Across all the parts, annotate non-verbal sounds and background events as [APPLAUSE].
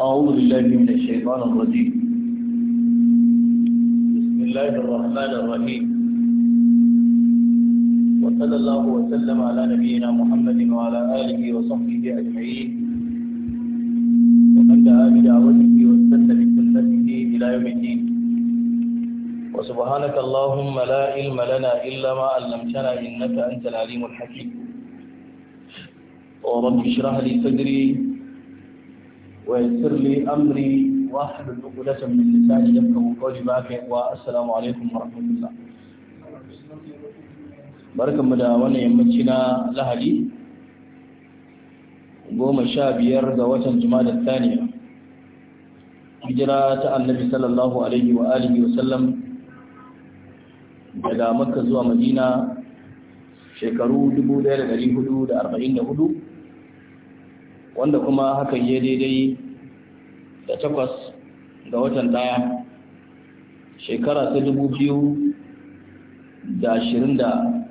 أعوذ بالله من الشيطان الرجيم بسم الله الرحمن الرحيم وصلى الله وسلم على نبينا محمد وعلى آله وصحبه أجمعين ومن دعا بدعوته واستنى بسنته إلى يوم الدين وسبحانك اللهم لا علم لنا إلا ما علمتنا إنك أنت العليم الحكيم ورب اشرح لي صدري ويسر لي أمري واحلل عقدة من لساني يفقهوا قولي باك والسلام عليكم ورحمة الله barkan mu da wannan yammaci na lahadi goma sha biyar ga watan jima'a saniya hijira ta annabi sallallahu alaihi wa sallam daga makka zuwa madina shekaru 1444 wanda kuma hakan ya daidai da takwas ga watan ɗaya shekara ta dubu biyu da ashirin da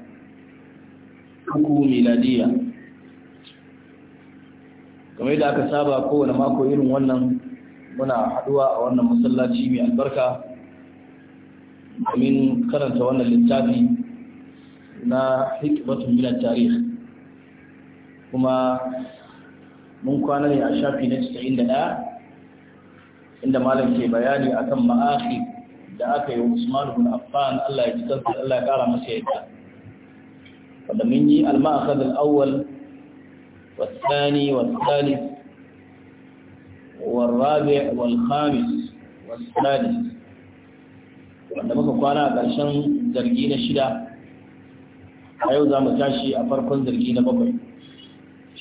uku miladiya kamar yadda aka saba kowane mako irin wannan muna haduwa a wannan masallaci mai albarka domin karanta wannan littafi na hikmatun milan tarihi. kuma mun kwana ne a shafi na 91 inda malam ke bayani akan ma'ahi da aka yi Usman bin Affan Allah ya tsanta Allah ya kara masa yadda wanda mun yi al-ma'akhad al-awwal والثاني والثالث والرابع والخامس والسادس wanda muka kwana a ƙarshen zargi na shida a yau za mu tashi a farkon zargi na bakwai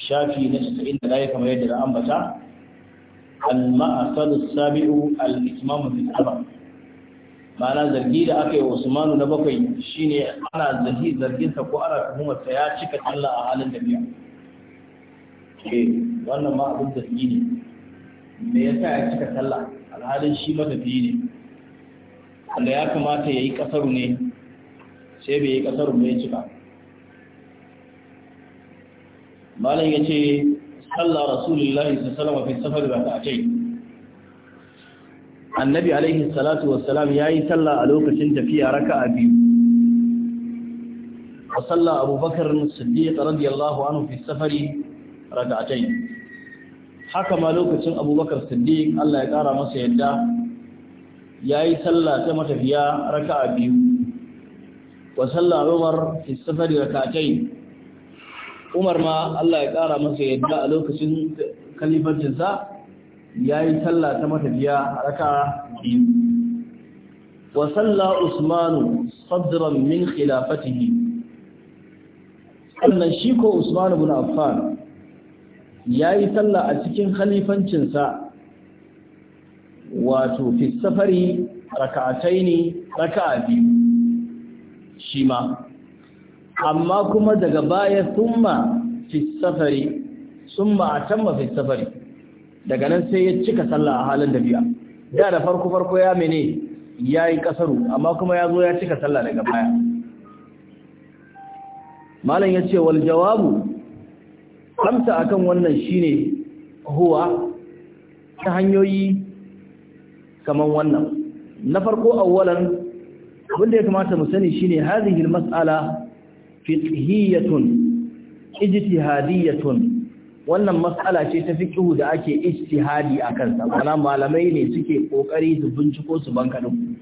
shafi na 91 kamar yadda na ambata al sabi'u al-itmam bil ma'ana zargi da aka yi wa Usmanu na bakwai shine ana zargi zargin sa ko ana tuhumar ya cika Allah a halin da biya ke wannan ma abin zargi ne me yasa ya cika talla? alhalin shi matafiyi ne wanda ya kamata ya yi kasaru ne sai bai yi kasaru ba ya cika malam ya ce صلى رسول الله صلى الله عليه وسلم في السفر annabi alaihi salatu wassalam ya yi sallah a lokacin tafiya raka a biyu wa sallah abubakar siddiq radiyallahu anhu fi safari raka'atayn haka ma lokacin abubakar siddiq Allah ya kara masa yadda ya yi sallah ta matafiya raka'a biyu wa sallah umar fi safari raka'atayn umar ma Allah ya ƙara masa yadda a lokacin kalifancinsa ya yi sallah ta matafiya a raka biyu wa salla usmanu sadran min khilafatihi sannan shi ko usmanu bin affan ya yi sallah a cikin khalifancinsa wato fi safari raka'atai ne raka'a biyu shi ma amma kuma daga baya summa fi safari thumma atamma fi safari daga nan sai ya cika sallah a halin tafiya da da farko farko ya mene yayi kasaru amma kuma ya zo ya cika sallah daga baya malam ya ce, wal jawabu amsa akan wannan shine huwa ta hanyoyi kamar wannan na farko awwalan abinda ya kamata mu sani shine hadhihi mas'ala fiqhiyyatun ijtihadiyyatun wannan mas'ala ce ta fiqhu da ake ijtihadi akan sa wala malamai ne suke kokari su binciko su banka din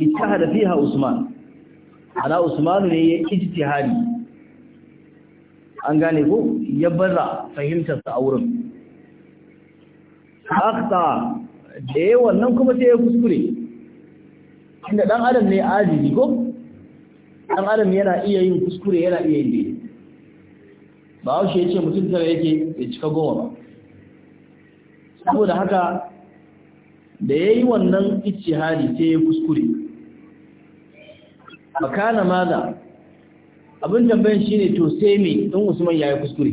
ijtihada fiha Usman ala Usman ne ya ijtihadi an gane ko ya barra fahimtar sa wurin. akhta da wannan kuma sai ya kuskure inda dan adam ne ajizi ko dan adam yana iya yin kuskure yana iya yin daidai ba a ya ce mutum tara yake ya cika goma ba saboda haka da ya yi wannan ijtihadi sai ya kuskure makana maza abin tambayin shi ne to sai me don usman ya yi kuskure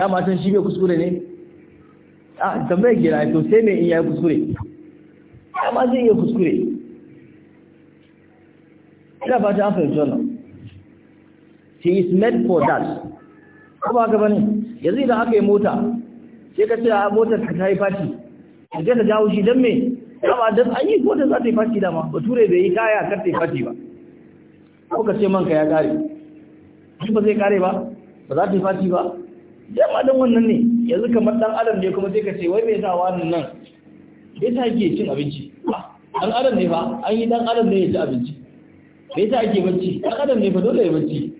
ya matan shi bai kuskure ne a ah, tambayin gira to sai me in ya yi kuskure ya ma zai iya kuskure ina ba ta an fahimci wannan he is made for that kuma gaba bane yanzu idan aka yi mota sai ka ce a motar ka ta yi fashi idan ta jawo shi dan me amma don an yi motar za ta yi fati dama ba ture bai yi kaya kar ta yi fati ba ko ka ce manka ya kare shi ba zai kare ba ba za ta yi fati ba dan ma don wannan ne yanzu kamar dan adam ne kuma sai ka ce wai me yasa wannan nan Ita ke cin abinci dan ah, adam ne ba an yi dan adam ne ya ci abinci da yasa ake bacci Ɗan adam ne fa dole ya bacci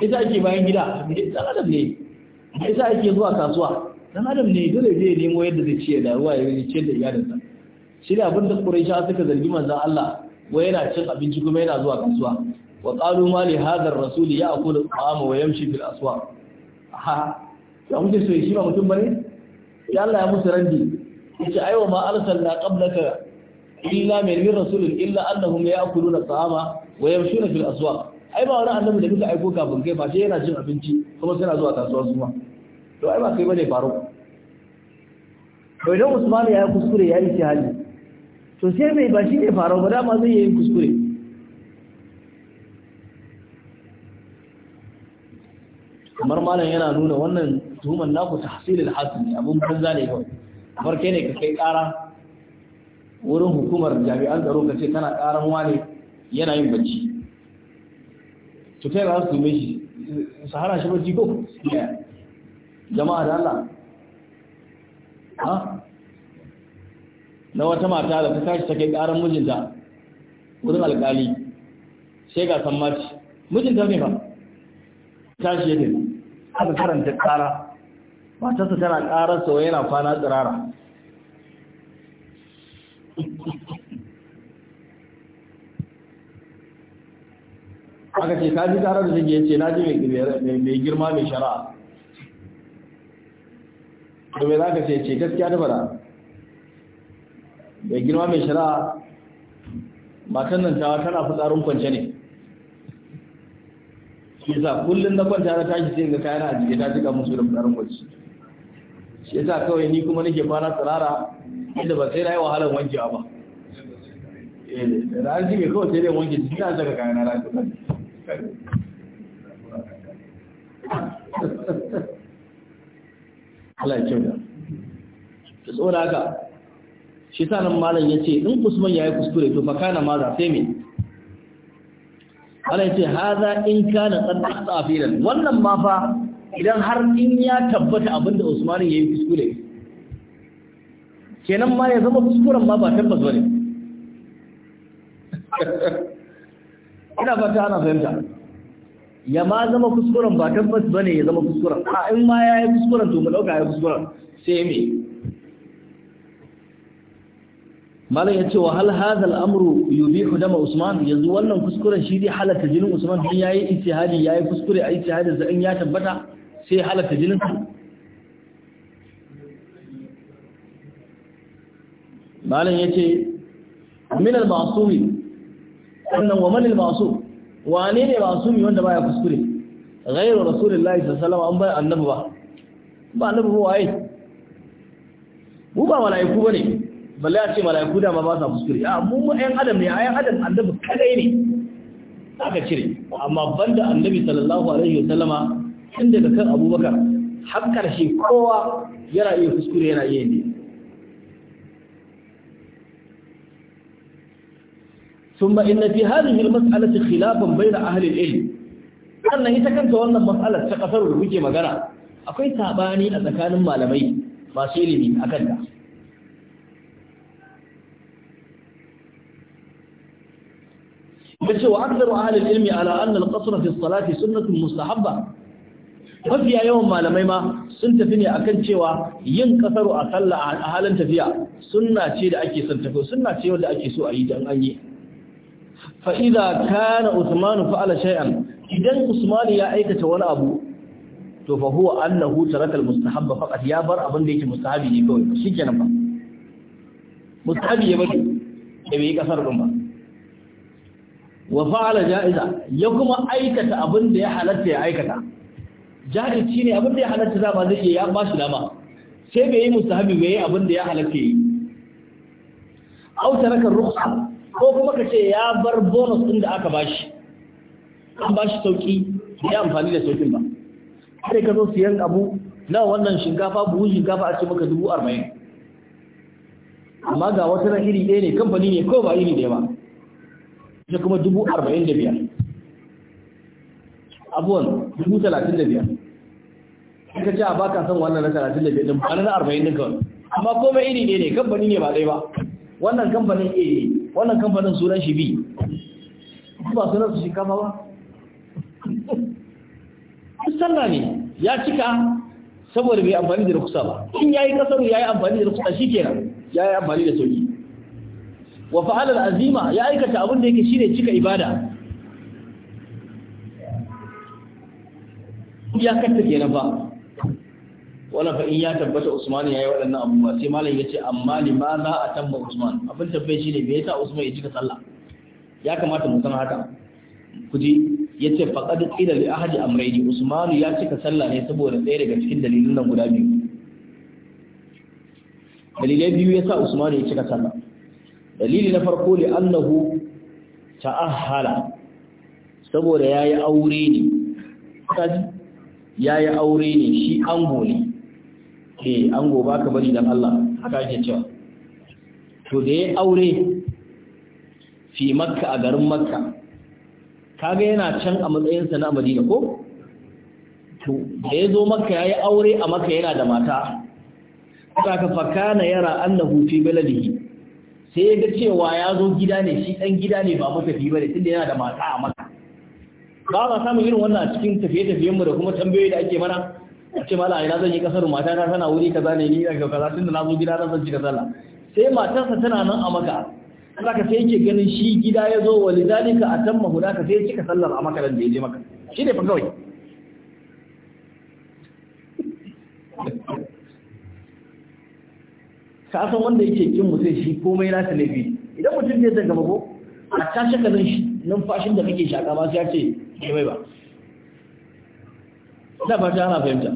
da yasa ake bayan gida dan adam ne da yasa ake zuwa kasuwa dan adam ne dole zai nemo yadda zai ciye da ruwa ya ciyar da iyalinsa shi da abin da quraisha suka zargi manzon Allah wai yana cin abinci kuma yana zuwa kasuwa wa qalu ma li hadha ar-rasul ya'kulu at-ta'ama wa yamshi fil aswa ha ya mutu sai shi ba mutum bane ya Allah ya musu randi yace aiwa ma arsalna qablaka illa min rasulin illa annahum ya'kuluna taama wa yamshuna fil aswaq ai ba wani annabi da kuka aiko kafin kai ba sai yana jin abinci kuma suna zuwa kasuwa su ma to ai ba kai bane faru to idan Usman ya kuskure ya yi hali to sai mai ba shi ne faru ba dama zai yi kuskure kamar malam yana nuna wannan tuhumar naku tahsilul hasil abun banza ne kawai kamar kai ne ka kai kara wurin hukumar jami'an tsaro ka ce kana karan wane yana yin bacci to kai ba su mai shi su hana shi bacci ko jama'a da Allah ha na wata mata da ta tashi take karan mijinta wurin alkali sai ga sammaci mijinta ne ba tashi yake aka karanta kara matarsa tana karar sa yana kwana tsirara aka ce ka ji tare da take yace na ji mai girma mai shara to za ka ce ce gaskiya da bara mai girma mai shari'a matan nan tawa tana fitsarin kwance ne yasa kullum na kwanta na tashi sai ga kayan a jike ta jika musu da fitsarin kwance shi yasa kawai ni kuma nake kwana tsirara inda ba sai na yi wahalar wankewa ba eh, da an jike kawai sai dai wanke jirgin na saka kayan na rafi Allah ya kyauta ta tsora ga shi sa nan malam ya ce in usman ya yi kuskure to na maza sai me Allah ya ce haza in kana tsanna tsafiran wannan ma fa idan har in ya tabbata abinda usman ya yi kuskure kenan ma ya zama kuskuren ma ba tabbas ne. [LAUGHS] ina fata ana fahimta ya ma zama kuskuren ba tabbas bane ya zama kuskuren a in ma ya yi kuskuren to mu dauka ya kuskuren sai me malam ya ce wa hal hadha al-amru yubihu dama usman yanzu wannan kuskuren shi dai halatta jinin usman din yayi ijtihadi yayi kuskure a ijtihadin da in ya tabbata sai halatta jinin sa malam ya ce min al-ma'sumin sannan wa manil masu? wane ne ma'sumi wanda baya kuskure ghairu rasulillahi sallallahu alaihi wasallam an bai annabi ba ba annabi ba waye mu ba malaiku bane balle a ce malaiku da ma ba sa kuskure a mu mu ayan adam ne ayan adam annabi kadai ne aka cire amma banda annabi sallallahu alaihi wasallama tun daga kan abubakar har karshe kowa yana iya kuskure yana iya yi ثم إن في هذه المسألة خلافا بين أهل العلم أن يتكنت وأن مسألة تقفر الوجه مقرأ أكوي تاباني أتكان مالمي ما سيلمي أكدا بشي وأكثر أهل العلم على أن القصر في الصلاة سنة مستحبة mafiya yawan malamai ma sun tafi ne akan cewa yin kasaro a sallah a halin tafiya sunna ce da ake son tafi sunna ce wanda ake so a yi dan an yi fa'iza kana usmanu fa'ala shay'an idan usmanu ya aikata wani abu to fa huwa annahu taraka Mustahabba faqat ya bar abin da yake mustahabi ne kawai shikenan ba mustahabi ya bari da bai kasar din ba wa fa'ala ja'iza ya kuma aikata abin da ya halatta ya aikata jahilci ne abin da ya halatta ba zai iya ya ba shi dama sai bai yi mustahabi bai yi abin da ya halatta yi au taraka rukhsa ko kuma ka ce ya bar bonus ɗin da aka bashi an bashi sauki ya amfani da saukin ba sai ka zo siyan abu na wannan shinkafa buhu shinkafa a ce maka dubu arba'in amma ga wata na iri ɗaya ne kamfani ne ko ba iri ɗaya ba ita kuma dubu arba'in da biyar abuwan dubu talatin da biyar ka ce a baka son wannan na talatin da biyar ɗin ba na arba'in da kawai amma komai iri ɗaya ne kamfani ne ba ɗaya ba wannan kamfanin iri. ne wannan kamfanin sunan shi bi ba sunan su shinkafa ba sallah ne ya cika saboda bai amfani da rukusa ba in ya yi kasar yi amfani da rukusa shikenan yi amfani da sauki wa fa’alar azima ya aikata abin da yake ne cika ibada ya katta kenan ba wala fa in ya tabbata Usman yayi waɗannan abubuwa sai malam ya ce amma limaza atamma Usman abin shi shine me yasa Usman ya cika sallah ya kamata mu san haka kuji yace faqad qila li ahadi amrayni Usman ya cika sallah ne saboda ɗaya daga cikin dalilan nan guda biyu dalilai biyu yasa Usman ya cika sallah dalili na farko li annahu ta'ahhala saboda yayi aure ne kaji yayi aure ne shi angoli. eh an goba ka bari dan Allah haka ake cewa to da ya aure fi makka a garin makka kaga yana can a matsayinsa na madina ko to da ya zo makka ya yi aure a makka yana da mata saka fakana yara annahu fi baladihi sai ya ga cewa ya zo gida ne shi ɗan gida ne ba matafi ba ne tunda yana da mata a makka. ba ba samun irin wannan cikin tafiye-tafiyenmu da kuma tambayoyi da ake mana a ce mala ina zan yi kasar mata na tana wuri kaza ne ni daga kaza tunda na zo gida na zan ci kaza la sai matarsa tana nan a maka za ka sai yake ganin shi gida ya zo wa lidalika a tamma huda ka sai cika sallar a maka da ya je maka shi ne fa kawai [LAUGHS] ka san wanda yake kin mu sai shi komai na laifi idan mutum zai daga ko a tashi nan numfashin da kake shaka ba sai ya ce ke bai ba ina fata ana fahimta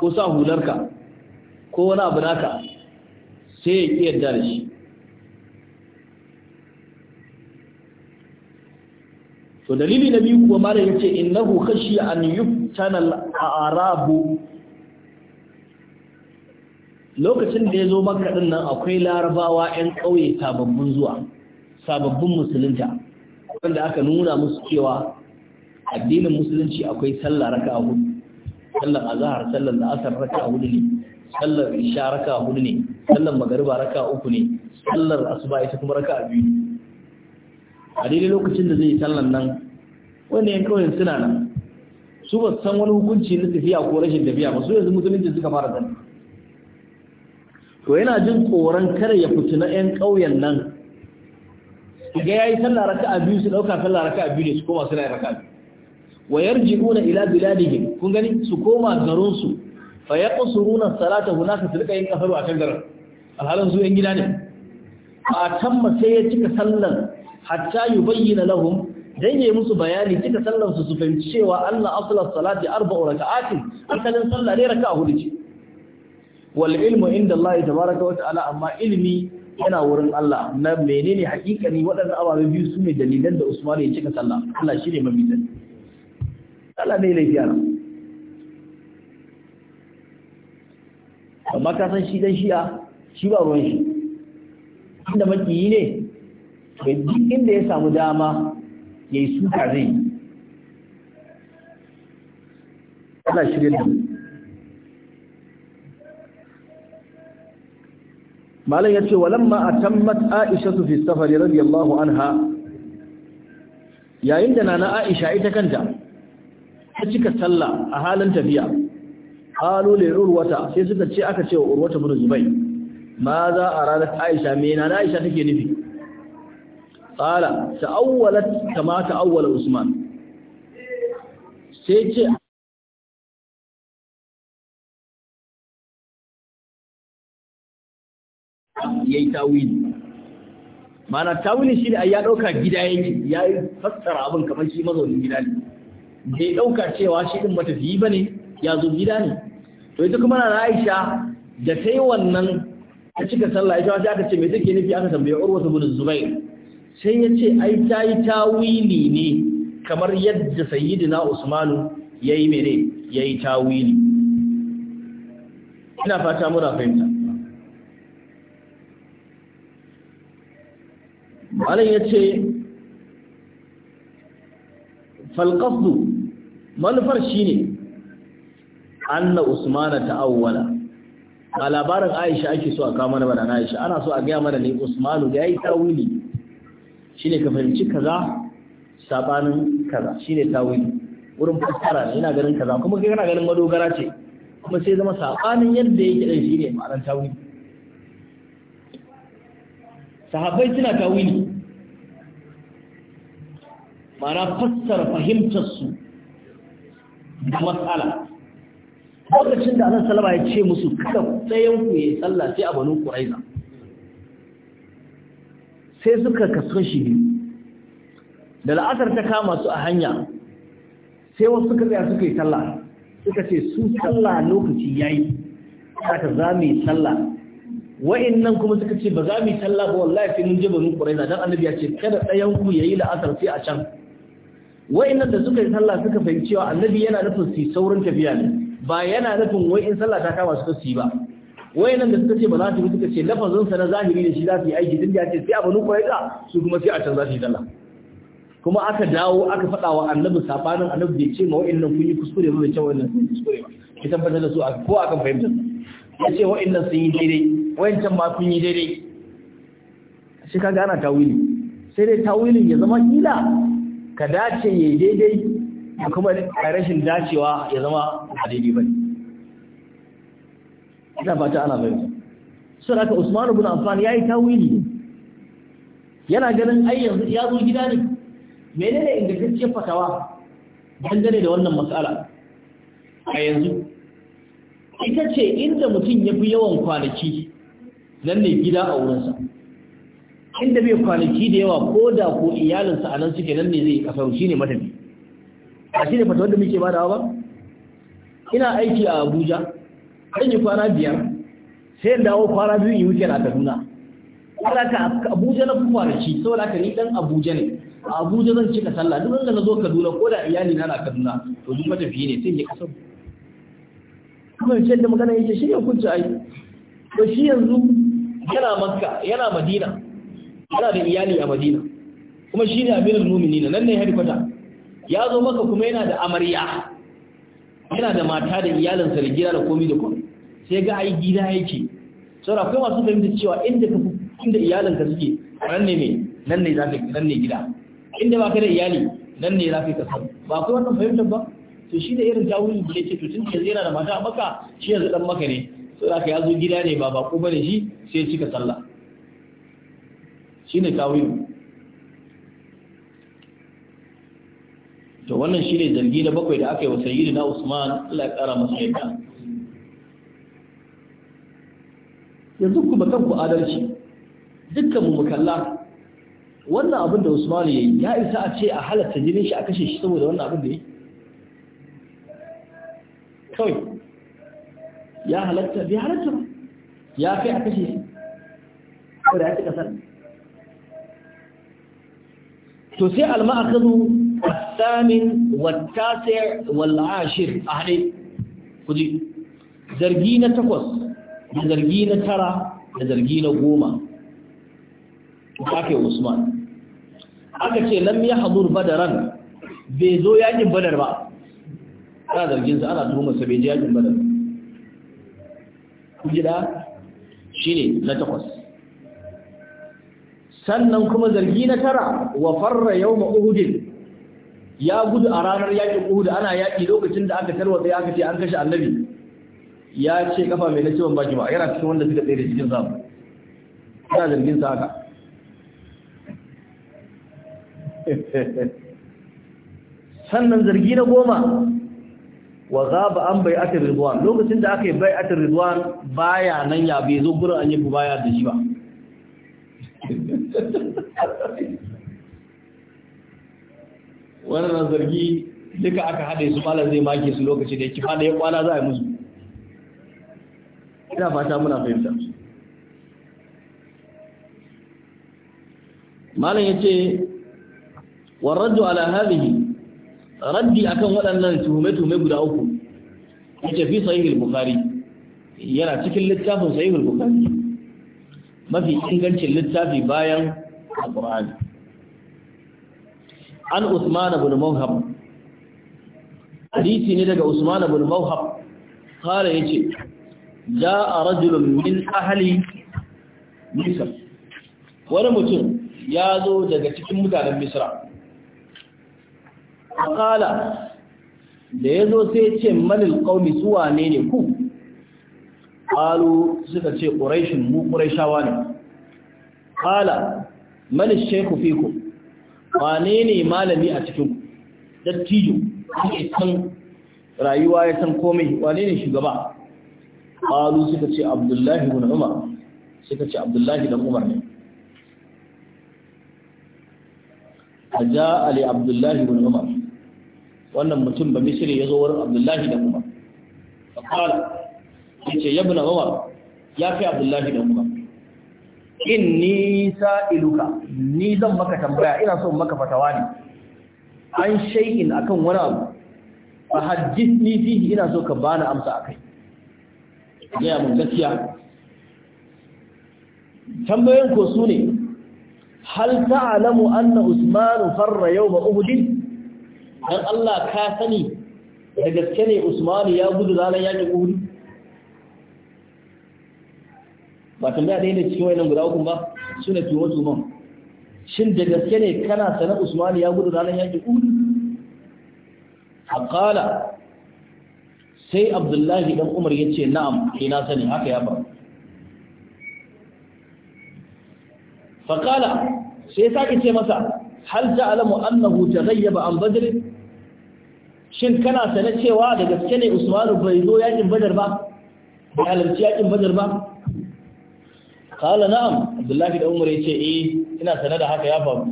ko sa hularka ko wani abu naka sai ya ƙi yarda da shi to dalili na biyu kuwa mara yace innahu New an yuftana al-arabu lokacin da ya zo makka din nan akwai larabawa 'yan kauye sababbin zuwa sababbin musulunta wanda aka nuna musu cewa addinin musulunci akwai sallah raka'a hudu sallan azhar sallan asar raka hudu ne sallar isha raka hudu ne sallar magariba raka uku ne sallar asuba ita kuma raka biyu a daidai lokacin da zai yi sallan nan wani yan kawai suna nan su ba san wani hukunci na tafiya ko rashin tafiya ba su yanzu musulunci suka fara zan to yana jin tsoron kare ya na yan ƙauyen nan ga yayi sallah raka'a biyu su dauka sallah raka'a biyu ne su koma suna raka'a biyu wa yarji'una ila biladihim kun gani su koma garin su fa yaqsuruna salata hunaka su rika yin kafaru akan garin alhalin su yan gida ne a tamma sai ya cika sallar, hatta yubayyana lahum dan yayi musu bayani cika sallar su su fahimci cewa Allah asla salati arba'u raka'atin akalin sallah ne raka'a hudu ce wal ilmu inda Allah tabaraka wa ta'ala amma ilmi yana wurin Allah na menene hakikani waɗannan ababe biyu su ne dalilan da Usman ya cika sallah Allah shi ne mabidan Allah ne laifi a amma ka san shi dan shi'a shi ba ruwan shi inda makiyi ne ka duk inda ya samu dama ya yi suka zai Allah shirya da Malam ya ce walamma atammat Aisha fi safari radiyallahu anha yayin da na Aisha ita kanta ta cika sallah a halin tafiya halu le urwata sai suka ce aka ce wa urwata bin zubai ma za rana aisha me na aisha take nufi qala awwalat kama awwala usman sai ce yayi tawili mana tawili shi ne ya dauka gida yake ya fassara abin kamar shi mazaunin gida ne bai ɗauka cewa shi ɗin matafiyi ba ne ya zo gida ne to ita kuma na Aisha da ta yi wannan ta cika sallah ita wata aka ce me take nufi aka tambaye Urwa bin Zubair sai ya ce ai ta yi ta tawili ne kamar yadda sayyidina Usman ya yi mene ya yi tawili ina fata muna fahimta Malam ya ce falqasdu manufar shi shine anna usmana ta'awwala a labarin aisha ake so a kawo mana bana aisha ana so a gaya mana ne usmanu da yi tawili Shi ka fahimci kaza sabanin kaza shi ne tawili wurin fassara ne ina ganin kaza kuma kai kana ganin madogara ce kuma sai zama sabanin yadda yake shi ne ma'anar tawili sahabbai suna tawili mana fassara fahimtarsu da matsala lokacin da annan salama ya ce musu kada tsayanku ya yi sallah sai a Banu quraiza sai suka kaso shi biyu da la'asar ta kama su a hanya sai wasu suka tsaya suka yi sallah suka ce su sallah lokaci ya yi aka za mu yi sallah wa'in nan kuma suka ce ba za mu yi sallah ba wallahi sai mun je Banu ƙuraiza don annabi ya ce kada tsayanku ya yi la'asar sai a can wa'annan da suka yi sallah suka fahimci cewa annabi yana nufin su saurin tafiya ne ba yana nufin wai in sallah ta kama su su ba wa'annan da suka ce ba za su yi suka ce lafazin sa na zahiri da shi za su yi aiki duk da ce sai abanu ya su kuma sai a can za su yi sallah kuma aka dawo aka faɗa wa annabi sabanin annabi bai ce ma wa'annan kun yi kuskure ba bai ce wa'annan kun yi kuskure ba ki tabbatar da su a ko akan fahimta ya ce wa'annan sun yi daidai wa'ancan ma kun yi daidai shi kaga ana tawili sai dai tawilin ya zama kila ka dace ya yi daidai da kuma rashin dacewa ya zama a daidai ba ina fata ana bai sun aka usman ibn amfani ya yi tawili yana ganin ayyar ya zo gida ne menene ingantacciyar fatawa dangane da wannan matsala a yanzu ita ce inda mutum ya fi yawan kwanaki nan ne gida a wurinsa inda bai kwanaki da yawa ko da ko iyalinsa a nan suke nan ne zai kasar shi ne matafi a shi ne fata wanda muke badawa ba ina aiki a abuja ɗan yi kwana biyar sai dawo kwana biyu yi wuce na kaduna kwana ka abuja na kwanaki saboda ka ni ɗan abuja ne a abuja zan cika sallah duk wanda na zo kaduna ko da iyali na na kaduna to duk matafi ne sai yi kasar kuma yace da magana yake shi ne hukunci ai to shi yanzu yana makka yana madina yana da iyali a madina kuma shi ne amirul muminina nan ne hadikwata ya zo maka kuma yana da amarya yana da mata da iyalinsa da gida da komi da komi sai ga ai gida yake saboda akwai masu fahimta cewa inda ka inda iyalinka suke nan ne mai nan ne za ka nan ne gida inda ba ka da iyali nan ne za ka kasar ba akwai wannan fahimtar ba to shi da irin tawuri da yake to tun yanzu yana da mata maka shi yanzu dan maka ne saboda ka ya zo gida ne ba ba bako bane shi sai ya cika sallah ne tawilu to wannan shi ne zargi na bakwai da aka yi wa na Usman Allah ya kara masa yadda yanzu ku ba kanku adalci dukkan mu kalla wannan abin da Usman ya yi ya isa a ce a halatta jinin shi a kashe shi saboda wannan abin da ya yi kawai ya halatta bai halatta ya kai a kashe shi saboda ya ci kasar تسيء المأخذ الثامن والتاسع والعاشر أهلي كذي زرقينا تقص زرقينا ترى زرقينا قوما وكاكي عثمان أكتي لم يحضر بدرا بيزو يأجي بدر بقى هذا الجنس أنا تهم سبيجي يأجي بدر كذي لا شيني لا تقص sannan kuma zargi na tara wa farra yawma uhud ya gudu a ranar yakin uhud ana yaki lokacin da aka tarwatsa aka ce an kashe annabi ya ce kafa mai na ban baki ba yana cikin wanda suka tsere cikin zamu ina zargin sa haka sannan zargi na goma wa gaba an bai atar ridwan lokacin da aka yi bai atar ridwan baya nan ya bai zo gurin an yi baya da shi ba wannan zargi duka aka haɗe su malar zai maki su lokaci da ya kifa da ya kwana za a yi musu ina fata muna fahimta malam ya ce warraddu ala hadhihi raddi akan waɗannan tuhume-tuhume guda uku ce fi sahih al-bukhari yana cikin littafin sahih al-bukhari mafi ingancin littafi bayan alqur'ani an usman ibn mawhab hadisi ne daga usman ibn mawhab kare yace jaa rajulun min ahli misr wani mutum ya zo daga cikin mutanen misra qala da ya zo sai ce manil qaumi suwane ne ku qalu suka ce quraishin mu quraishawa ne qala man ash-shaykhu fikum wane ne malami a cikin ku dattijo ake san rayuwa ya san komai wane ne shugaba qalu suka ce abdullahi ibn umar suka ce abdullahi dan umar ne aja ali abdullahi ibn umar wannan mutum ba misri yazo wurin abdullahi dan umar qala yace ya ibn umar ya fi abdullahi da umar inni sa'iluka ni zan maka tambaya ina so maka fatawa ne an shay'in akan wani abu fa hadithni fihi ina so ka bani amsa akai ya mun gaskiya tambayoyin ko su ne hal ta'lamu anna usman farra yawm uhud dan Allah ka sani da gaske ne usman ya gudu ranar yakin uhud ba tambaya da ne cikin wayannan guda uku ba su ne tuwo tuman shin da gaske ne kana sanar usmani ya gudu ranar yaƙi A haƙala sai abdullahi dan umar ya ce na'am ke eh, na sani haka ya ba faƙala sai ya sake ce masa hal alamu annahu taghayyaba an badr shin kana sane cewa da gaske ne usmani bai zo yakin badar ba bai halarci yakin badar ba kala na'am abdullahi da umar ya ce eh ina sanar da haka ya faru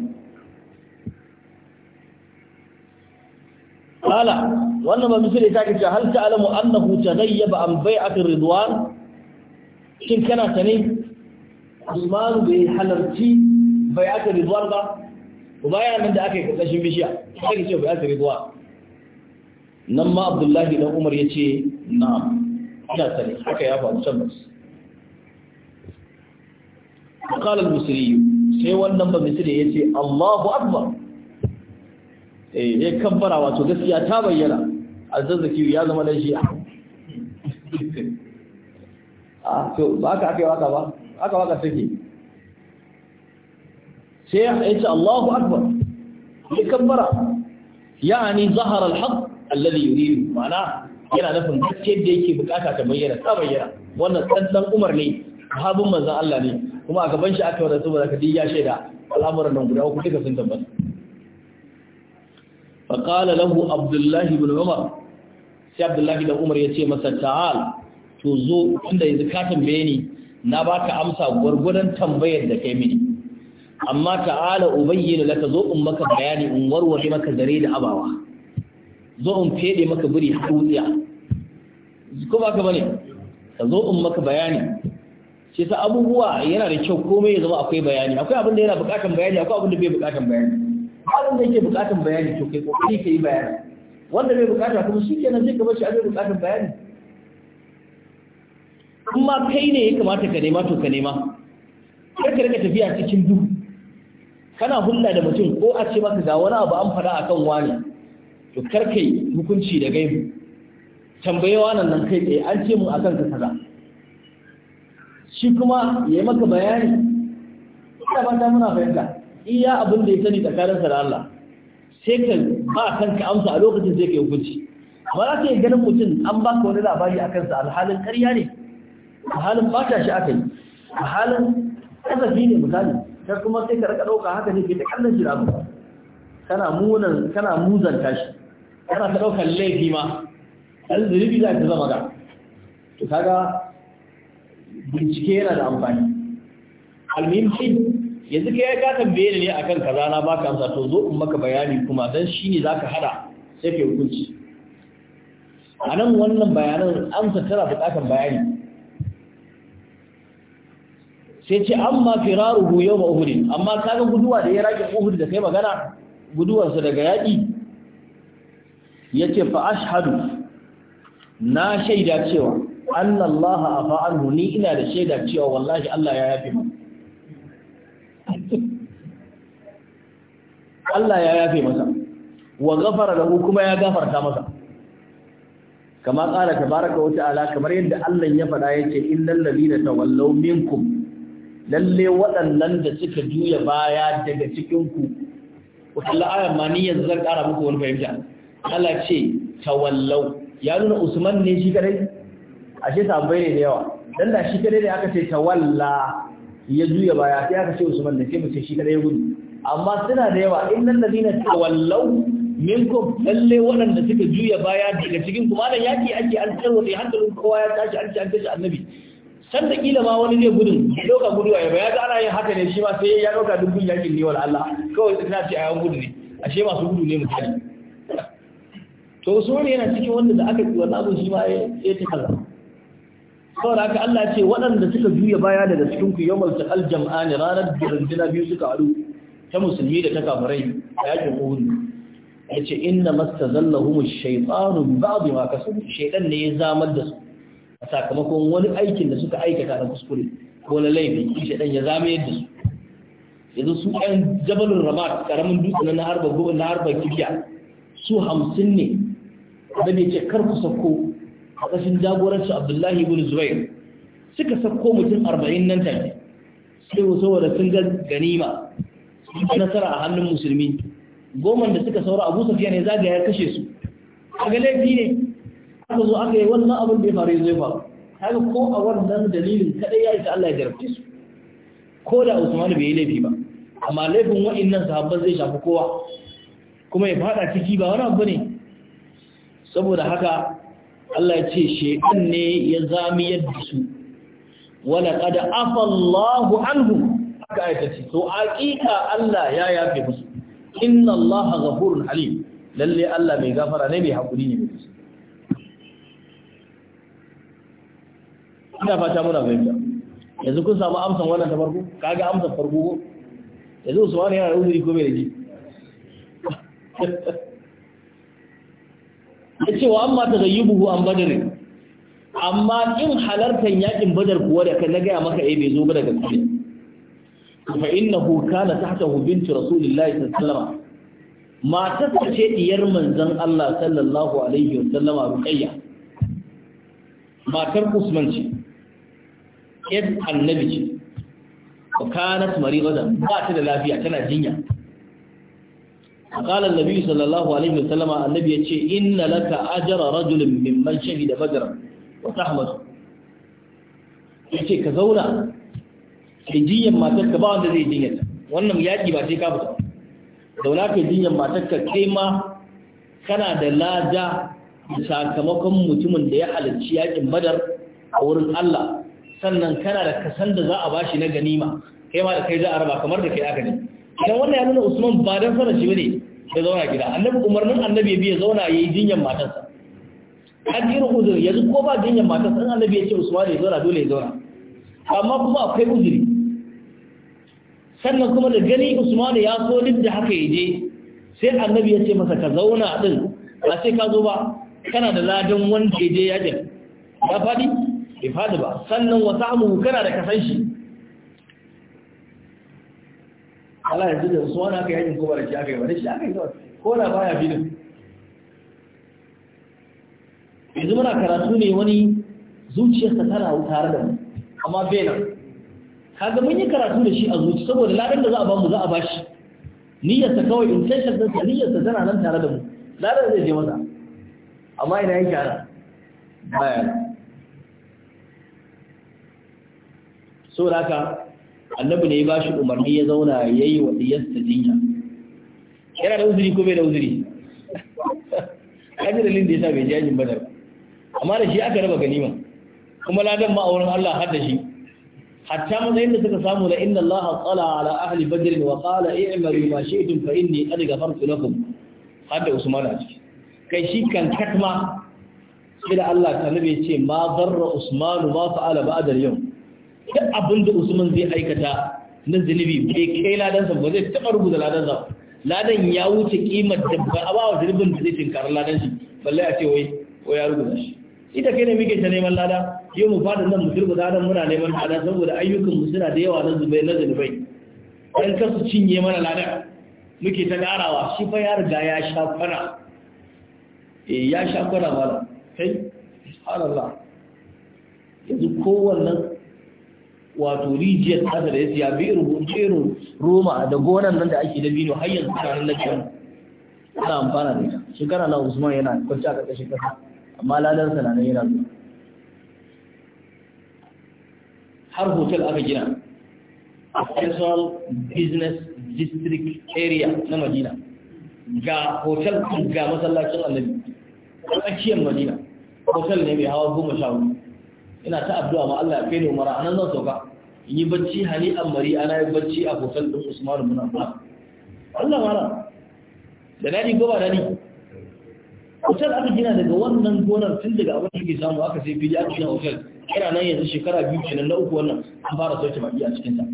kala wannan ba misali ta kace hal ta'lamu annahu taghayyaba an bai'atir ridwan shin kana sane Usman bai halarci bai bai'atir riduwa ba ubaya nan da aka yi kasashin bishiya sai ce bai'atir riduwa nan ma abdullahi da umar ya ce na'am ina sane haka ya faru tabbas qala al-misri sai wannan ba misri yace Allahu akbar eh ya kabbara wato gaskiya ta bayyana azzazaki ya zama dan shi'a a [LAUGHS] ah, to ba ka ake waka ba aka waka take sai yace Allahu akbar ya kabbara yani zahara al haq, alladhi yuridu ma'ana yana nufin gaskiyar da yake bukata ta bayyana ta bayyana wannan dan umar ne sahabin manzan Allah ne kuma a gaban shi aka wadatu ba za ka di ya shaida al'amuran nan guda uku duka sun tabbata fa qala lahu abdullahi ibn umar sai abdullahi da umar ya ce masa ta'al to zo inda yanzu ka tambaye ni na baka amsa gwargwadon tambayar da kai mini amma ta'ala ubayyana laka zo in maka bayani in warware maka dare da abawa zo in fede maka buri har wutsiya ko ba ka bane ka zo in maka bayani shi sa abubuwa yana da kyau komai ya zama akwai bayani akwai abin da yana bukatan bayani akwai abin da bai bukatan bayani abin da yake bukatan bayani to kai kokari kai bayani wanda bai bukata kuma shi kenan zai gaba shi bai bukatan bayani kuma kai ne ya kamata ka nema to ka nema kar ka rika tafiya cikin duhu kana hulla da mutum ko a ce maka ga wani abu an fara akan wani to kar kai hukunci da gaibu tambayewa nan nan kai tsaye an ce mu akan ka kaza shi kuma ya yi maka bayani ina ba ta muna fahimta iya abin da ya sani tsakaninsa da Allah sai ka ba kanka amsa a lokacin sai ka yi hukunci amma za ka yi ganin mutum an baka wani labari a kansa alhalin ƙarya ne alhalin ta shi aka yi alhalin ƙasafi ne misali ta kuma sai ka raka ɗauka haka ne ke ta kallon shi abu kana munan kana muzan tashi. kana ta ɗaukar laifi ma ɗan zunubi za ka zama ga to kaga bincike yana da amfani almin shi yanzu kai ka tambaye ni ne akan kaza na baka amsa to zo in maka bayani kuma dan shine zaka hada sai kai hukunci anan wannan bayanan amsa tana bukatar bayani sai ce amma firaruhu yau ma amma kaga guduwa da ya raƙin uhud da kai magana guduwarsa daga yaƙi ya fa ashadu na shaida cewa anna Allah afa anhu ni ina da shaida cewa wallahi Allah ya yafe masa. [LAUGHS] Allah ya yafe masa wa ghafara lahu kuma ya gafarta masa kama ta tabaraka Wata Ala", kamar yadda Allah ya faɗa yace innal ladina tawallaw minkum lalle waɗannan da suka juya baya daga cikinku, wata wala ayan ma ni yanzu zan ƙara muku wani fahimta Allah ce tawallau, ya nuna Usman ne shi kadai ashe bai ne da yawa dan da shi kadai da aka ce tawalla ya juya baya sai aka ce Usman da sai mu ce shi kadai ya gudu amma suna da yawa innal ladina tawallaw minkum lalle waɗanda suka juya baya daga cikin ku malam yaki ake an da hankalin kowa ya tashi an ce an tashi annabi san da kila ma wani zai gudu ya dauka gudu ya ya ga ana yin haka ne shi ma sai ya dauka dubin yakin ne wal Allah kawai sai ce ayan gudu ne ashe masu gudu ne mutane to su ne yana cikin wanda da aka yi wannan abin shi ma ya ta kalla saboda haka Allah ce waɗanda suka juya baya daga cikin ku yawmal taqal jam'ani ranar da runduna biyu suka haɗu ta musulmi da ta kafirai a yakin Uhud yace inna mastazallahum ash-shaytanu bi ba'd ma kasabu shaytan ne ya zamar da su a sakamakon wani aikin da suka aikata na kuskure ko na laifin shi shaytan ya zama yadda su yanzu su ɗan jabalin ramat karamin dutsen na harba na harba kibiya su hamsin ne da ne ce kar ku sako a jagoranci abdullahi ibn zubair suka sako mutum arba'in nan take sai wasu wanda sun ga ganima sun ga nasara a hannun musulmi goman da suka saura abu safiya ne zagaya ya kashe su a ga laifi ne aka zo aka yi wannan abin da ya faru zai faru kaga ko a wannan dalilin kadai ya isa Allah ya jarabce su ko da Usman bai yi laifi ba amma laifin wa'annan sahabban zai shafi kowa kuma ya fada ciki ba wani abu ne saboda haka Allah ya ce shekan ne ya zami yadda su wala kada afallahu anhu aka aikace to aqiqa Allah ya yafe musu inna Allah ghafurun halim lalle Allah mai gafara ne mai hakuri ne mai ina fata muna fahimta yanzu kun samu amsan wannan ta farko kaga amsan farko yanzu Usman yana da uzuri ko bai da ji [LAUGHS] ya ce wa amma ta buhu an badar amma in halartar yakin badar kuwa da kan na gaya maka eh bai zo ba daga kuma fa innahu kana tahtahu binti rasulillahi sallallahu alaihi wasallam matar ta ce diyar manzon Allah sallallahu alaihi wasallam ruqayya matar Usman ce yar annabi ce wa kanat maridatan ba ta da lafiya tana jinya قال النبي صلى الله عليه وسلم النبي يتشي إن لك أجر رجل ممن شهد بدرا وتحمد yace ka zauna ka jiyan matarka ba wanda zai jinyar wannan yaƙi ba sai ka fita zauna ka jiyan matarka kai ma kana da lada sakamakon mutumin da ya halarci yaƙin badar a wurin Allah sannan kana da kasan da za a bashi na ganima kai ma da kai za a raba kamar da kai aka ne idan wannan ya nuna usman ba dan fara shi bane ya zauna gida annabi umarnin annabi biya zauna yayi jinyan matarsa an hadiru uzuri yanzu ko ba jinyan matarsa annabi ya ce usman ya zauna dole ya zauna amma kuma akwai uzuri sannan kuma da gani usman ya so duk da haka ya je sai annabi ya ce masa ka zauna din ba sai ka zo ba kana da ladan wanda ya je yajin ya faɗi ya faɗi ba sannan wasu mu kana da kasan shi da su wani aka yakin ko ba da shi aka yi wani shi aka yi ko da baya bidin yanzu muna karatu ne wani zuciyarsa tana tare da mu amma bena. Ka ga mun yi karatu da shi a zuci saboda ladan da za a ba mu za a ba shi niyyarsa kawai intention ta sa niyyarsa tana nan tare da mu ladan zai je masa amma ina yake ana baya so da haka annabi ne ya ba shi umarni ya zauna ya yi wa ɗiyarsa jinya yana da uzuri ko bai da uzuri hajjaralin [LAUGHS] da ya sa bai ji yajin badar amma da shi aka raba ganima kuma ladan wurin Allah har da shi hatta matsayin da suka samu da inna Allah tsala ala ahli badr wa qala i'malu ma shi'tum fa inni qad ghafartu lakum har da Usman a ciki kai shi kan katma sai da Allah ta nabe ce ma darra Usman ma fa'ala ba'da al-yawm duk abin da usman zai aikata na zunubi bai kai ladansa ba zai taɓa rubuta ladansa ladan ya wuce kimar da ba a ba wa zunubin da zai tinkar ladan shi balle a ce wai ko ya rubuta shi ita kai ne muke ta neman lada yau mu fada nan mu turbuta nan muna neman lada saboda ayyukan mu suna da yawa na zunubai na zunubai dan kasu cinye mana lada muke ta ƙarawa shi fa ya riga ya sha fara eh ya sha fara mana kai subhanallah yanzu kowannan wato rijiyar ƙasa da ya siya bi irin roma da gonan nan da ake da biyu har yanzu tsakanin lafiyar ana amfana da ita shekara na usman yana kwanci a ƙarƙashin ƙasa amma ladarsa na nan yana zuwa har hotel aka gina a personal business district area na madina ga hotel ga masallacin annabi a tsakiyar madina hotel ne mai hawa goma sha hudu ina ta abdu'a ma Allah ya kai ni umara anan zan sauka in yi bacci hani an mari ana yi bacci a hotel ɗin usmanu muna ba Allah mara da daɗi ko da ni hotel aka gina daga wannan gonar tun daga abin da ke samu aka sai fili aka gina hotel yana nan yanzu shekara biyu kenan na uku wannan an fara sauke baki a cikin ta.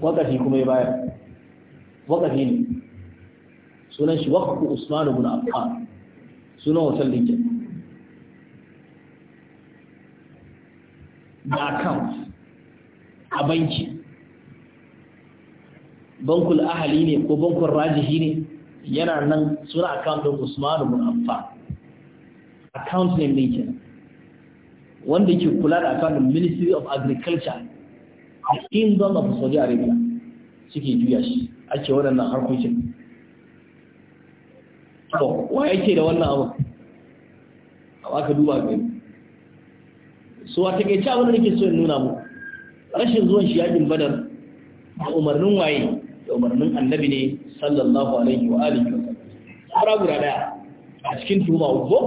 Wakati kuma ya bayar wakati ne sunan shi wakafu usmanu bin affan sunan hotel ɗin kenan da account a banki bankul ahali ne ko bankul rajihi ne yana nan suna account ɗin Usman bin affan account ne mai kenan wanda ke kula da account ministry of agriculture a kingdom of saudi arabia suke juya shi ake waɗannan harkokin ko wa yake da wannan abu a ka duba gani so a takaice abin da nake so in nuna mu rashin zuwan shi yakin badar da umarnin waye da umarnin annabi ne sallallahu alaihi wa alihi wa sallam sura guda daya a cikin tuba uku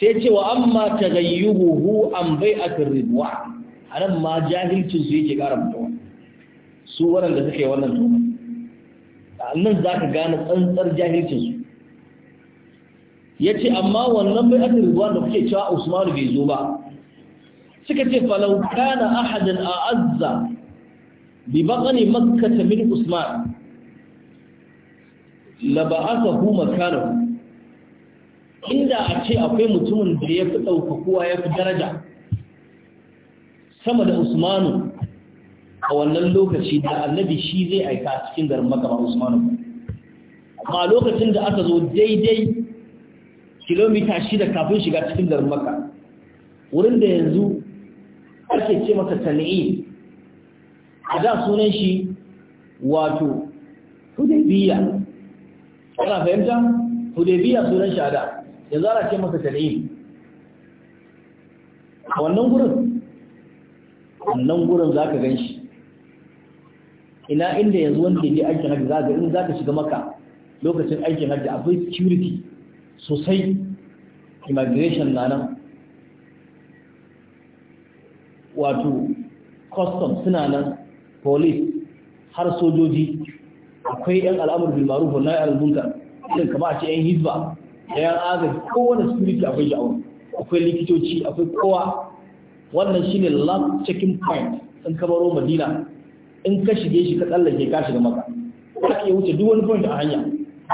sai ce wa amma tagayyuhu an bai'atir ridwa anan ma jahilcin su yake ƙara mutuwa su waɗanda suka yi wannan tuma nan za ka gane tsantsar jahilcin su ya ce amma wannan bai'atir ridwa da kuke cewa Usman bai zo ba suka ce falau kana Ahadin a azza bi bakani makkah min usman la huma kanu inda a ce akwai mutumin da ya fi ɗaukakuwa ya fi daraja sama da usmanu a wannan lokaci da annabi shi zai aika cikin garin makama usmanu amma lokacin da aka zo daidai kilomita shida kafin shiga cikin garin maka wurin da yanzu ake ce masa tan'in a da sunan shi wato hudabiya ana fahimta hudabiya sunan shi a da yanzu ana ce masa tan'in a wannan gurin wannan gurin za ka gan shi ina inda yanzu wanda ya je aikin hajji za ga in za ka shiga maka lokacin aikin hajji akwai security sosai immigration na nan wato custom suna nan police har sojoji akwai yan al'amur bil ma'ruf wal nahy anil munkar kama a ce yan hizba da yan agaji kowane security akwai jawon akwai likitoci akwai kowa wannan shine last checking point in ka baro madina in ka shige shi ka tsallake ka shiga maka ka iya wuce duk wani point a hanya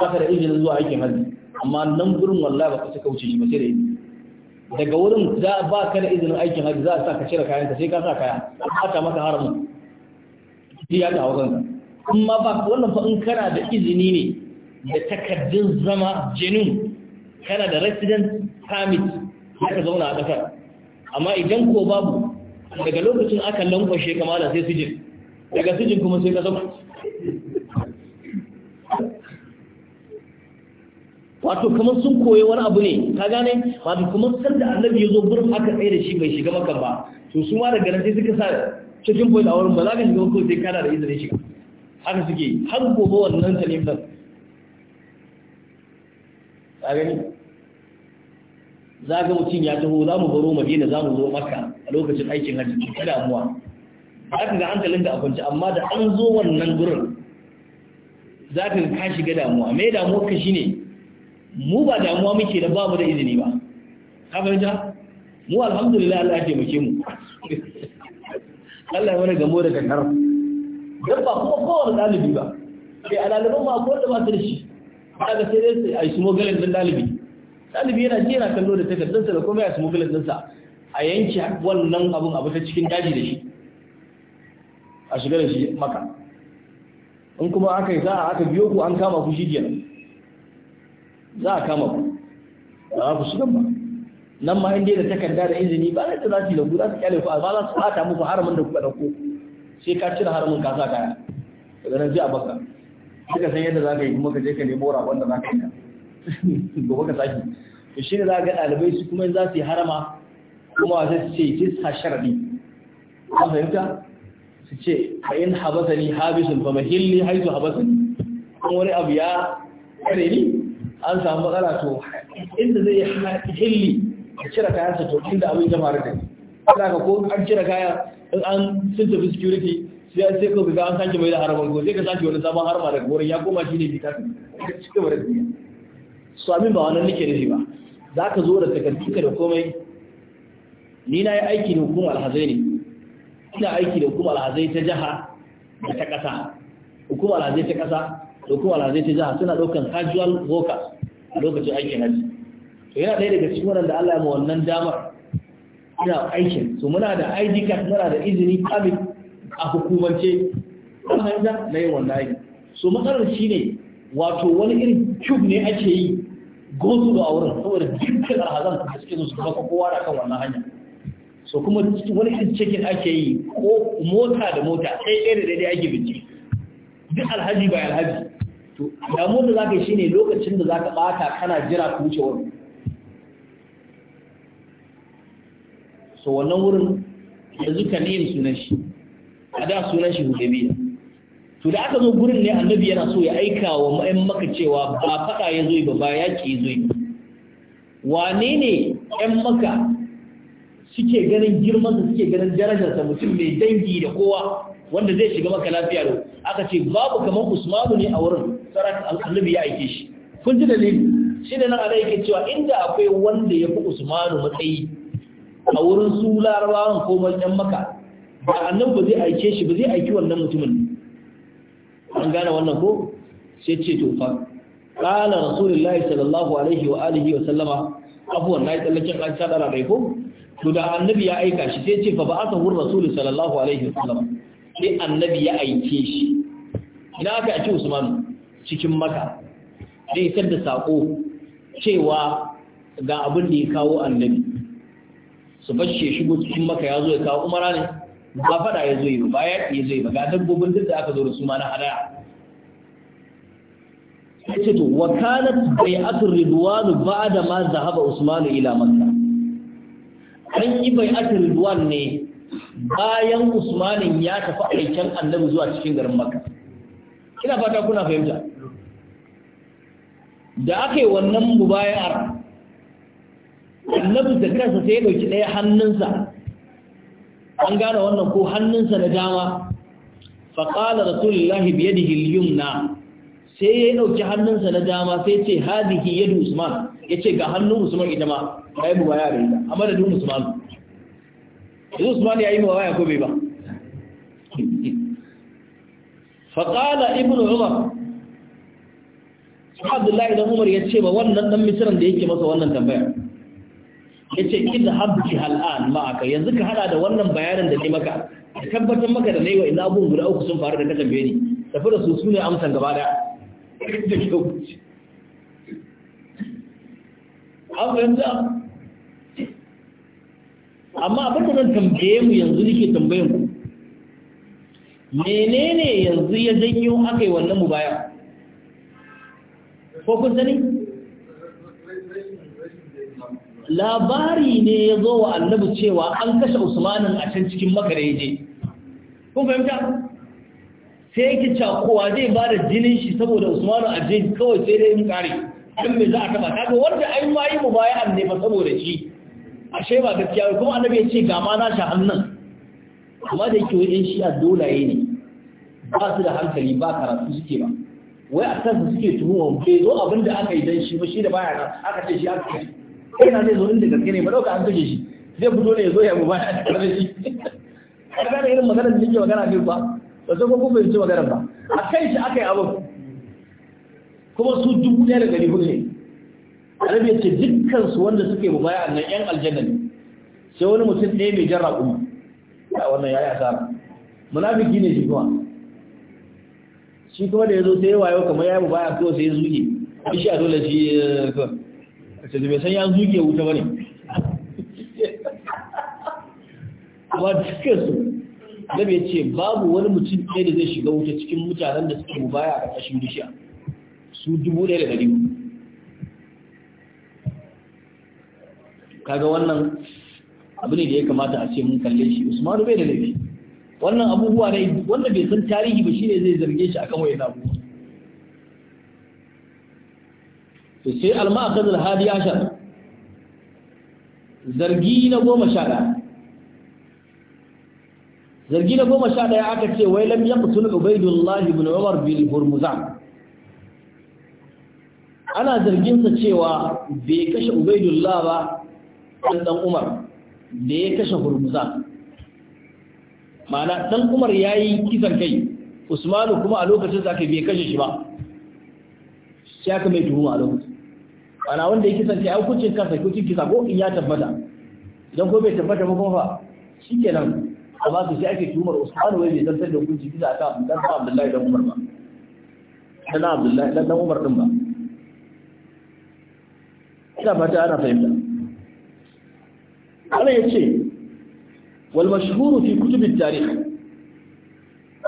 ba ka da izinin zuwa aikin hajji amma nan gurin wallahi ba ka wuce shi ba sai da izini daga wurin za ba ka da izinin aikin haji za a sa ka cire kayan ka sai ka sa kaya a ta maka haramun shi ya kawo kanka amma ba wannan fa in kana da izini ne da takardun zama jinin kana da resident permit za ka zauna a ƙasar amma idan ko babu daga lokacin aka lankwashe kamala sai sijin daga sijin kuma sai ka zama wato kamar sun koye wani abu ne ka gane wato kamar san da annabi ya zo gurin aka tsaye da shi bai shiga maka ba to su ma daga nan sai suka sa cikin point a wurin ba za ka shiga ko sai kana da izinin shiga haka suke har gobe wannan ne nan ka gani za ga mutum ya taho za mu baro madina za mu zo maka a lokacin aikin hajji ta damuwa haka ga hankalin da abinci amma da an zo wannan gurin za ka ka shiga damuwa mai damuwa ka shi ne mu ba damuwa muke da ba mu da izini ba ka fahimta mu alhamdulillah Allah ya taimake mu Allah ya mana gamo da kakar dan ba kuma kowane dalibi ba sai a daliban ma ko da ba da shi kaga sai dai sai ai sumo galan din dalibi dalibi yana ji yana kallo da takardar sa da kuma ya su galan din sa a yanke wannan abun abu ta cikin daji da shi a shigar da shi maka in kuma aka yi sa'a aka biyo ku an kama ku shi kenan za a kama ku ba za ku shiga ba nan ma inda da takarda da izini ba da za su yi lagu za su kyale ku Ba za su fata muku haramun da kuka ɗauko sai ka cire haramun ka sa kaya daga nan sai a baka sai ka san yadda za ka yi kuma ka je ka nemo rabon da za ka yi [LAUGHS] gobe ka sake to shi ne za ga ɗalibai su kuma za su yi harama kuma sai su ce sa sharadi ka fahimta su ce fa in habasani habisun fa mahilli haizu habasani kuma wani abu ya kare ni an samu matsala to inda zai yi hilli da cire kayansa to inda abin jama'a faru da ko an cire kaya in an sun tafi security sai an sai ka ga an sake mai da harabar ko sai ka sake wani sabon harma daga wurin ya koma shi ne bi kafin ka cika wa su amin ba wani nake nufi ba za ka zo da takardunka da komai ni na yi aiki da hukumar alhazai ne ina aiki da hukumar alhazai ta jiha da ta ƙasa hukumar alhazai ta ƙasa to ko alhazai ta jihar suna ɗaukan casual workers a lokacin aikin hajji to yana ɗaya daga cikin waɗanda Allah ya ma wannan damar ina aikin to muna da ID card muna da izini kamil a hukumance kan hanya na yin wannan aiki so matsalar shine wato wani irin cube ne ake yi gozu da auren saboda dukkan alhazan da suke su kafa kowa da kan wannan hanya so kuma wani irin cikin ake yi ko mota da mota sai ɗaya da ɗaya ake bincike duk alhaji bai alhaji to damu da za ka yi shine lokacin da zaka ka ɓata kana jira ku wuce wani so wannan wurin yanzu ka ne sunan shi a da sunan shi hudabiya to da aka zo gurin ne annabi yana so ya aika wa ma'an maka cewa ba faɗa ya zo ba ba ya ke zo wane ne 'yan maka suke ganin girmansa suke ganin darajarsa mutum mai dangi da kowa wanda zai shiga maka lafiya lau aka ce babu kamar usmanu ne a wurin sarat annabi ya aike shi kun ji dalili shi da nan ana yake cewa inda akwai wanda ya fi usmanu matsayi a wurin su larabawan ko manyan maka ba annabi ba zai aike shi ba zai aiki wannan mutumin an gane wannan ko sai ce to fa qala rasulullahi sallallahu alaihi wa alihi wa sallama abuwan nayi tsallakin an sadara bai ko to da annabi ya aika shi sai ce fa ba'athahu rasul sallallahu alaihi wa sallama sai annabi ya aike shi ina aka ake usman cikin maka zai isar da saƙo cewa ga abin da ya kawo annabi su fashe shigo cikin maka ya zo ya kawo umara ne ba fada ya zo yi ba ya ya zo yi ba ga dabbobin duk da aka zo da su ma na hadaya ya ce to wakalat bai'atul ridwan da ma zahaba usman ila makka an yi bai bai'atul ridwan ne bayan usmanin ya tafi aikin annabi zuwa cikin garin makka Kina fata kuna fahimta da aka yi wannan mubayar annabi da kansa sai ya dauki ɗaya hannunsa an gane wannan ko hannunsa na dama faƙala rasulullahi da al-yumna sai ya dauki hannunsa na dama sai ce hadihi yadu usman yace ga hannun usman ita ma kai mubayar ita a dun usman yanzu usman ya yi ma waya ko bai ba faƙala ibn umar abdullahi da umar ya ce ba wannan dan misiran da yake masa wannan tambaya ya ce ina habbi hal'an ma'aka yanzu ka hada da wannan bayanin da ne maka da tabbatar maka da naiwa ina abubuwan guda uku sun faru da ka tambaye ni tafi da su su ne amsan gaba da an fahimta amma abin da zan tambaye mu yanzu nake tambayin ku menene yanzu ya janyo aka yi wannan mu baya ko kun sani labari ne ya zo wa annabi cewa an kashe usmanin a can cikin makare ya je kun fahimta sai yake kowa zai ba da jinin shi saboda usmanu a je kawai sai dai in kare don me za a taba ga wanda an wayi mu baya ne fa saboda shi ashe ba gaskiya ba kuma annabi ya ce ga ma na sha hannun amma da yake wajen shi a dolaye ne ba su da hankali ba karatu suke ba wai a kansu suke tuhuwa bai zo abin da aka yi dan shi ba shi da baya aka ce shi aka kashe kai na zai zo inda gaske ne ba dauka an kashe shi zai fito ne ya zo ya mu baya da karfe shi kar gane irin maganar da yake magana bai ba ba ko kuma bai ci magana ba a kai shi aka yi abin kuma su dubu ɗaya da gari hudu ne annabi ce dukkan su wanda suke mubaya nan yan aljanna ne sai wani mutum ɗaya mai jarra kuma a wannan yayi asara munafiki ne shi kuma shi kuma da yazo sai wayo kamar yayi baya ko sai ya zuke shi a dole shi sai eh, da bai san ya zuke wuta bane amma dukkan su annabi ya ce babu wani mutum ɗaya da zai shiga wuta cikin mutanen da suke bubaya a ƙarƙashin bishiya su dubu ɗaya da ɗari kaga wannan abu ne da ya kamata a ce mun kalle shi usmanu bai da laifi wannan abubuwa ne wanda bai san tarihi ba shine zai zarge shi akan wayan abu to sai al-ma'qad al-hadi ashar zargi na goma sha ɗaya zargi na goma sha ɗaya aka ce wai lam yaqtul ubaidullah ibn umar bil hurmuzan ana zargin sa cewa bai kashe ubaidullah ba ɗan ɗan umar da ya kashe hurmuza ma'ana ɗan umar ya yi kisan kai usmanu kuma a lokacin za ka bai kashe shi ba sai aka mai tuhuma a lokacin Ma'ana wanda ya kisan kai a hukuncin kansa ko kisa ko in ya tabbata idan ko bai tabbata ba kuma fa shikenan amma su sai ake tuhumar usmanu wai bai zartar da hukunci kisa a dan abdullahi ɗan umar ba dan abdullahi ɗan umar ɗin ba ina fata ana fahimta Allah ya ce wal mashhuru fi kutubi tarikh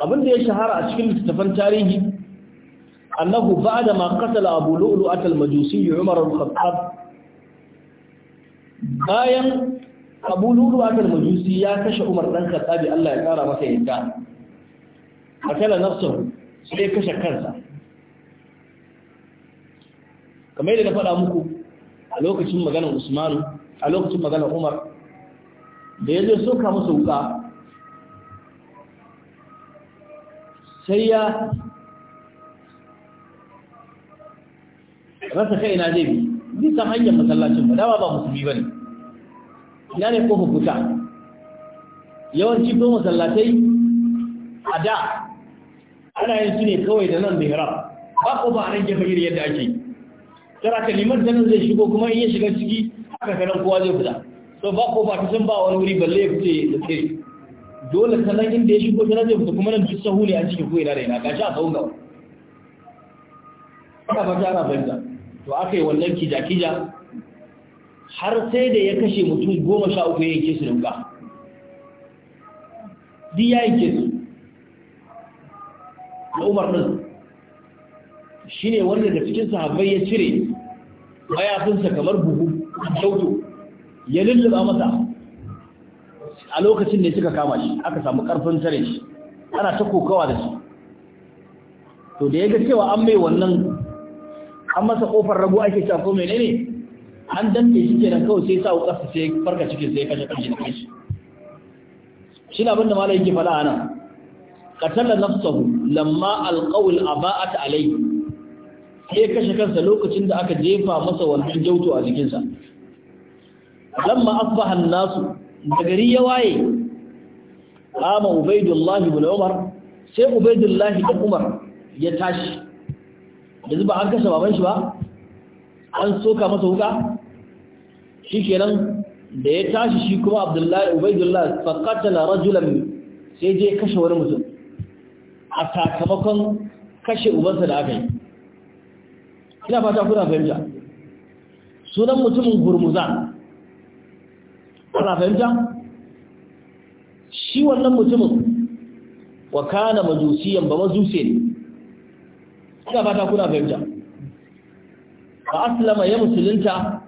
abin da ya shahara a cikin littattafan tarihi annahu ba'da ma qatala abu lu'lu'at al-majusi umar al-khattab bayan abu lu'lu'at al-majusi ya kashe umar dan khattabi Allah ya kara masa yadda A akala nafsuhu sai kashe kansa kamar yadda na faɗa muku a lokacin maganar Usmanu a lokacin maganar Umar da ya zo suka musu wuka sai ya rasa kai na zai bi zai hanyar masallacin ba dama ba musulmi ba ne ina ne ko hukuta yawanci ko masallatai a da ana yin su ne kawai da nan da hira ba ko ba a nan yadda ake tara kalimar da nan zai shigo kuma in ya shiga ciki aka kanan kowa zai fita to ba ko ba ta san ba wani wuri balle ya fice da tsere dole ta nan inda ya shigo ta nan zai fita kuma nan duk sahu ne an cikin ko yana da ina gashi a tsawon gaba ana ba ta ana banza to aka yi wannan kija-kija har sai da ya kashe mutum goma sha uku ya yanke su da wuka duk ya yanke su umar ɗin shi ne wanda da cikin sahabbai ya cire mayafinsa kamar buhu a kyautu ya lulluba masa a lokacin ne suka kama shi aka samu karfin tare shi ana ta kokawa da shi to da ya ga cewa an mai wannan an masa kofar rago ake cewa ko menene an danne shi kenan kawai sai sa wuka sai farka cikin sai kashe kanshi da shi shi na banda malai yake faɗa ana katalla nafsuhu lamma alqawl aba'at alayhi sai kashe kansa lokacin da aka jefa masa wannan jautu a jikinsa lamma asbaha nasu da gari ya waye qama ubaidullah ibn umar sai ubaidullah ibn umar ya tashi yanzu ba an kashe baban shi ba an soka masa wuka shikenan da ya tashi shi kuma abdullahi ubaidullah fa qatala rajulan sai je kashe wani mutum a sakamakon kashe ubansa da aka yi ina fata kuna fahimta sunan mutumin gurmuzan Kuna fahimta shi wannan mutumin wa kana majusiyan ba majuse ne ina fata kuna fahimta fa aslama ya musulunta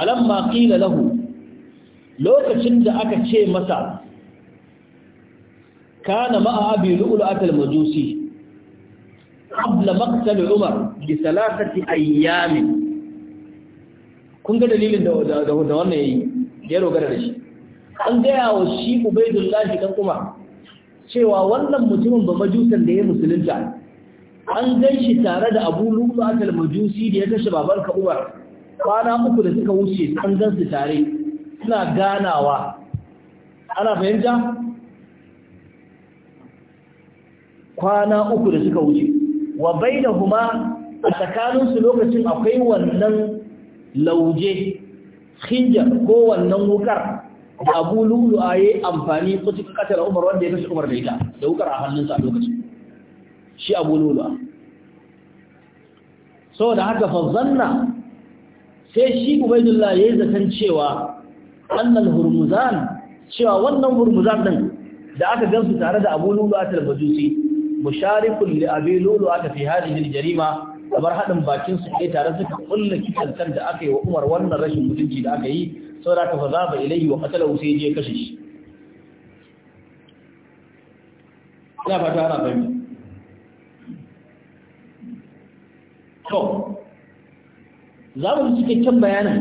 alamma qila lahu lokacin da aka ce masa kana ma'a abi lu'lu'at majusi qabla maqtal umar bi thalathati ayyamin kun ga dalilin da da ya yayi da ya dogara da shi an gaya wa shi ubaidullahi dan kuma cewa wannan mutumin ba majusan da ya musulunta an gan shi tare da abu akal majusi da ya kashe babanka umar kwana uku da suka wuce an gan su tare suna ganawa ana fahimta kwana uku da suka wuce wa bainahuma a tsakaninsu lokacin akwai wannan lauje hinjar ko wannan wukar da abu lulu a yi amfani ko cikin katar umar wanda ya kashe umar da ita da wukar a hannunsa a lokacin shi abu lulu so da haka fazanna sai shi ubaidullah ya yi zaton cewa annal hurmuzan cewa wannan hurmuzan din da aka gansu tare da abu lulu a talmajusi musharikun li abu lulu aka fi hadin jarima kamar haɗin bakin su ke tare suka kulle kitantar da aka yi wa Umar wannan rashin mutunci da aka yi da ka faza ba ilaihi wa qatala sai je kashe shi ina fata ana fahimta to za mu ji kyakkyan bayanin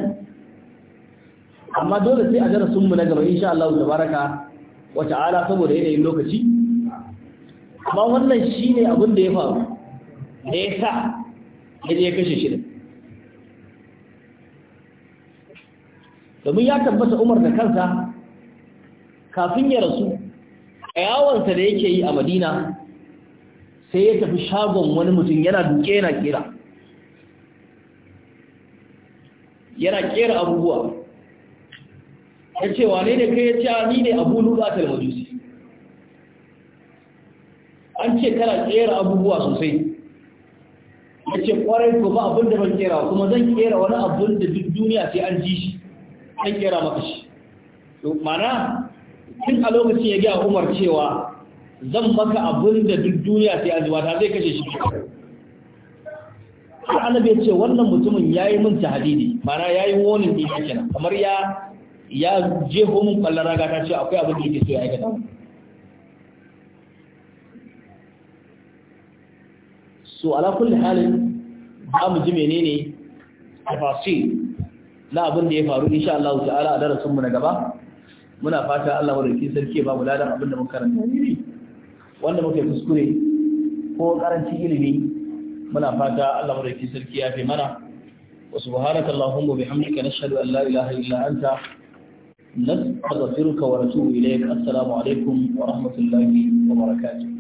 amma dole sai a sun mu na gaba insha Allah tabaraka wa ta'ala saboda yanayin lokaci amma wannan shine abin da ya faru da ya sa sai ya kashe shi domin ya tabbata umar da kansa kafin ya rasu a yawonsa da yake yi a madina sai ya tafi shagon wani mutum yana duke yana kera yana kera abubuwa ya ce wane ne kai ya ce ni ne abu lubatar majusi an ce kana kera abubuwa sosai ya kwarai ko ba abin da ban kera kuma zan kera wani abin da duk duniya sai an ji shi zan kera maka shi mana tun a lokacin ya gaya umar cewa zan maka abin da duk duniya sai an ji ba ta zai kashe shi sai bai ce wannan mutumin yayi min tahdidi mana yayi warning din kenan kamar ya ya jeho mun kallara ga ta ce akwai abin da yake so ya aikata so ala kulli halin za mu ji menene tafasir na abin da ya faru insha Allah ta'ala a darasin mu na gaba muna fata Allah madaukakin sarki ya ba mu ladan abin da mun karanta ne wanda muke kuskure ko karanci ilimi muna fata Allah madaukakin sarki ya fi mana wa subhanaka allahumma bihamdika nashhadu an la ilaha illa anta نستغفرك ونتوب إليك السلام عليكم ورحمة الله وبركاته